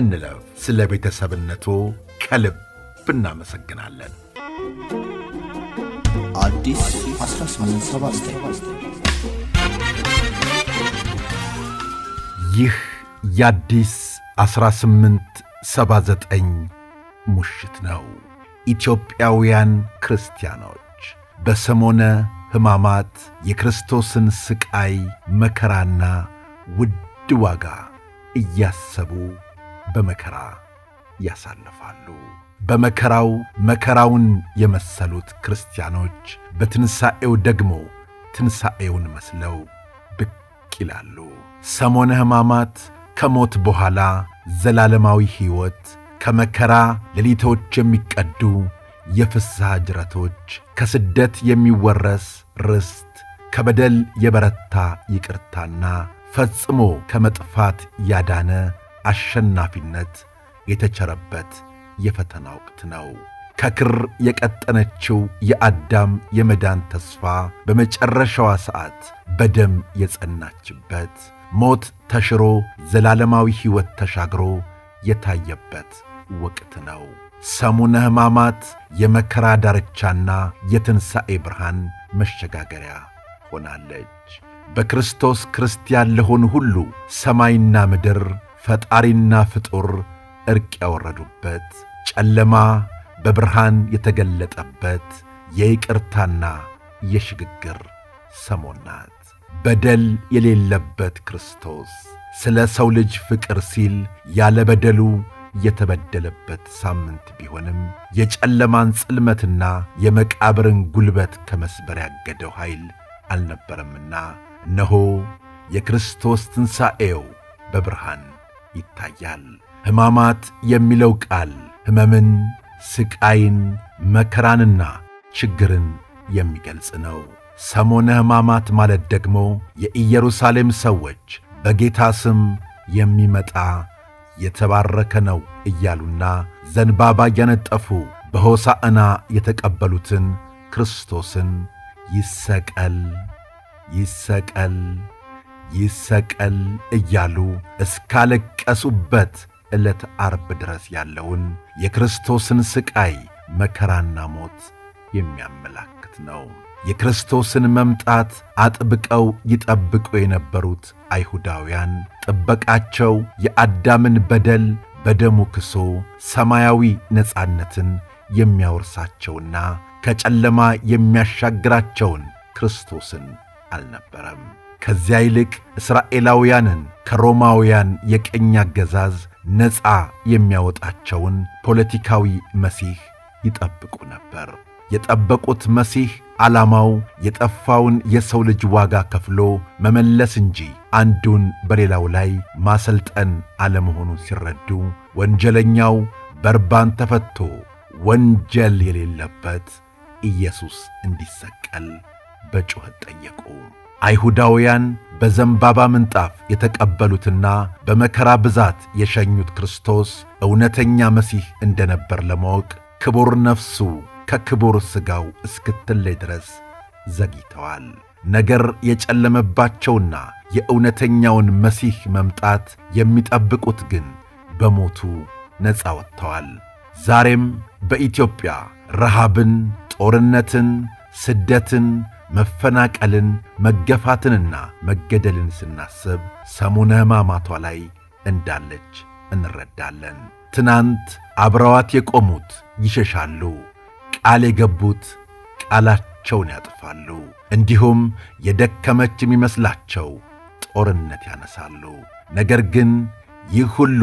እንለፍ። ስለ ቤተሰብነቱ ከልብ እናመሰግናለን። ይህ የአዲስ 1879 ሙሽት ነው። ኢትዮጵያውያን ክርስቲያኖች በሰሞነ ሕማማት የክርስቶስን ሥቃይ መከራና ውድ ዋጋ እያሰቡ በመከራ ያሳልፋሉ። በመከራው መከራውን የመሰሉት ክርስቲያኖች በትንሣኤው ደግሞ ትንሣኤውን መስለው ብቅ ይላሉ። ሰሞነ ሕማማት ከሞት በኋላ ዘላለማዊ ሕይወት ከመከራ ሌሊቶች የሚቀዱ የፍስሐ ጅረቶች ከስደት የሚወረስ ርስት ከበደል የበረታ ይቅርታና ፈጽሞ ከመጥፋት ያዳነ አሸናፊነት የተቸረበት የፈተና ወቅት ነው። ከክር የቀጠነችው የአዳም የመዳን ተስፋ በመጨረሻዋ ሰዓት በደም የጸናችበት ሞት ተሽሮ ዘላለማዊ ሕይወት ተሻግሮ የታየበት ወቅት ነው። ሰሙነ ሕማማት የመከራ ዳርቻና የትንሣኤ ብርሃን መሸጋገሪያ ሆናለች። በክርስቶስ ክርስቲያን ለሆኑ ሁሉ ሰማይና ምድር ፈጣሪና ፍጡር እርቅ ያወረዱበት ጨለማ በብርሃን የተገለጠበት የይቅርታና የሽግግር ሰሞን ናት። በደል የሌለበት ክርስቶስ ስለ ሰው ልጅ ፍቅር ሲል ያለ በደሉ የተበደለበት ሳምንት ቢሆንም የጨለማን ጽልመትና የመቃብርን ጉልበት ከመስበር ያገደው ኃይል አልነበረምና እነሆ የክርስቶስ ትንሣኤው በብርሃን ይታያል። ሕማማት የሚለው ቃል ሕመምን፣ ስቃይን፣ መከራንና ችግርን የሚገልጽ ነው። ሰሞነ ሕማማት ማለት ደግሞ የኢየሩሳሌም ሰዎች በጌታ ስም የሚመጣ የተባረከ ነው እያሉና ዘንባባ እያነጠፉ በሆሳዕና የተቀበሉትን ክርስቶስን ይሰቀል ይሰቀል ይሰቀል እያሉ እስካለቀሱበት ዕለት አርብ ድረስ ያለውን የክርስቶስን ሥቃይ መከራና ሞት የሚያመላክት ነው። የክርስቶስን መምጣት አጥብቀው ይጠብቁ የነበሩት አይሁዳውያን ጥበቃቸው የአዳምን በደል በደሙ ክሶ ሰማያዊ ነፃነትን የሚያወርሳቸውና ከጨለማ የሚያሻግራቸውን ክርስቶስን አልነበረም። ከዚያ ይልቅ እስራኤላውያንን ከሮማውያን የቀኝ አገዛዝ ነፃ የሚያወጣቸውን ፖለቲካዊ መሲህ ይጠብቁ ነበር። የጠበቁት መሲህ ዓላማው የጠፋውን የሰው ልጅ ዋጋ ከፍሎ መመለስ እንጂ አንዱን በሌላው ላይ ማሰልጠን አለመሆኑ ሲረዱ ወንጀለኛው በርባን ተፈቶ ወንጀል የሌለበት ኢየሱስ እንዲሰቀል በጩኸት ጠየቁ። አይሁዳውያን በዘንባባ ምንጣፍ የተቀበሉትና በመከራ ብዛት የሸኙት ክርስቶስ እውነተኛ መሲህ እንደነበር ለማወቅ ክቡር ነፍሱ ከክቡር ሥጋው እስክትለይ ድረስ ዘግይተዋል። ነገር የጨለመባቸውና የእውነተኛውን መሲህ መምጣት የሚጠብቁት ግን በሞቱ ነፃ ወጥተዋል። ዛሬም በኢትዮጵያ ረሃብን፣ ጦርነትን፣ ስደትን መፈናቀልን፣ መገፋትንና መገደልን ስናስብ ሰሙነ ሕማማቷ ላይ እንዳለች እንረዳለን። ትናንት አብረዋት የቆሙት ይሸሻሉ፣ ቃል የገቡት ቃላቸውን ያጥፋሉ፣ እንዲሁም የደከመች የሚመስላቸው ጦርነት ያነሳሉ። ነገር ግን ይህ ሁሉ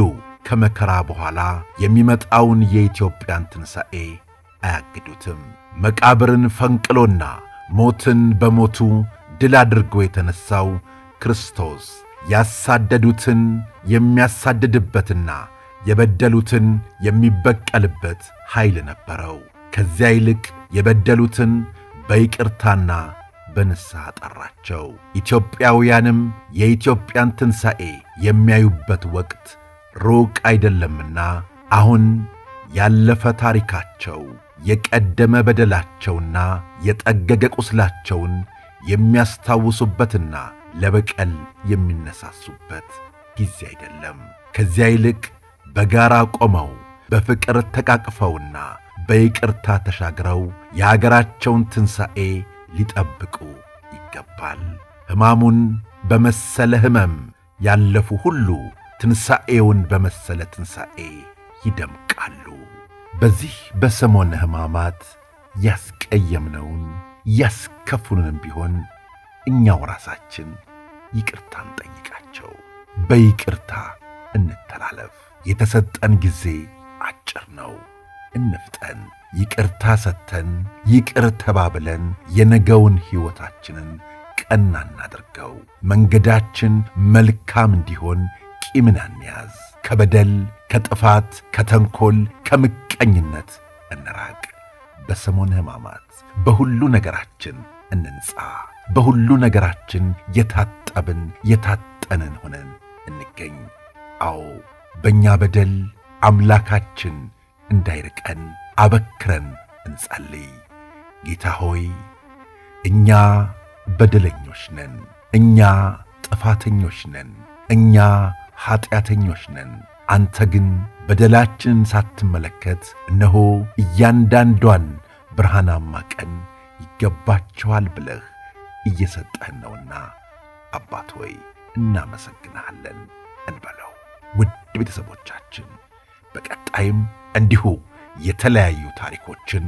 ከመከራ በኋላ የሚመጣውን የኢትዮጵያን ትንሣኤ አያግዱትም። መቃብርን ፈንቅሎና ሞትን በሞቱ ድል አድርጎ የተነሣው ክርስቶስ ያሳደዱትን የሚያሳድድበትና የበደሉትን የሚበቀልበት ኃይል ነበረው። ከዚያ ይልቅ የበደሉትን በይቅርታና በንስሐ ጠራቸው። ኢትዮጵያውያንም የኢትዮጵያን ትንሣኤ የሚያዩበት ወቅት ሩቅ አይደለምና አሁን ያለፈ ታሪካቸው የቀደመ በደላቸውና የጠገገ ቁስላቸውን የሚያስታውሱበትና ለበቀል የሚነሳሱበት ጊዜ አይደለም። ከዚያ ይልቅ በጋራ ቆመው በፍቅር ተቃቅፈውና በይቅርታ ተሻግረው የአገራቸውን ትንሣኤ ሊጠብቁ ይገባል። ሕማሙን በመሰለ ሕመም ያለፉ ሁሉ ትንሣኤውን በመሰለ ትንሣኤ ይደምቃሉ። በዚህ በሰሞነ ሕማማት ያስቀየምነውን ያስከፉንንም ቢሆን እኛው ራሳችን ይቅርታ እንጠይቃቸው፣ በይቅርታ እንተላለፍ። የተሰጠን ጊዜ አጭር ነው፣ እንፍጠን። ይቅርታ ሰጥተን ይቅር ተባብለን የነገውን ሕይወታችንን ቀና እናድርገው። መንገዳችን መልካም እንዲሆን ቂምን አንያዝ። ከበደል ከጥፋት ከተንኮል ከምክ ከምቀኝነት እንራቅ። በሰሞነ ሕማማት በሁሉ ነገራችን እንንጻ። በሁሉ ነገራችን የታጠብን የታጠንን ሆነን እንገኝ። አዎ በእኛ በደል አምላካችን እንዳይርቀን አበክረን እንጸልይ። ጌታ ሆይ እኛ በደለኞች ነን፣ እኛ ጥፋተኞች ነን፣ እኛ ኀጢአተኞች ነን አንተ ግን በደላችንን ሳትመለከት እነሆ እያንዳንዷን ብርሃናማ ቀን ይገባቸዋል ብለህ እየሰጠህን ነውና አባት ሆይ እናመሰግንሃለን እንበለው። ውድ ቤተሰቦቻችን በቀጣይም እንዲሁ የተለያዩ ታሪኮችን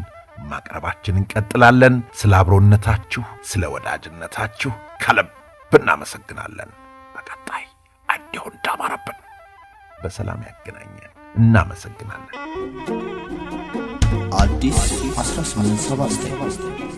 ማቅረባችን እንቀጥላለን። ስለ አብሮነታችሁ፣ ስለ ወዳጅነታችሁ ከልብ እናመሰግናለን። በሰላም ያገናኘን። እናመሰግናለን። አዲስ 1879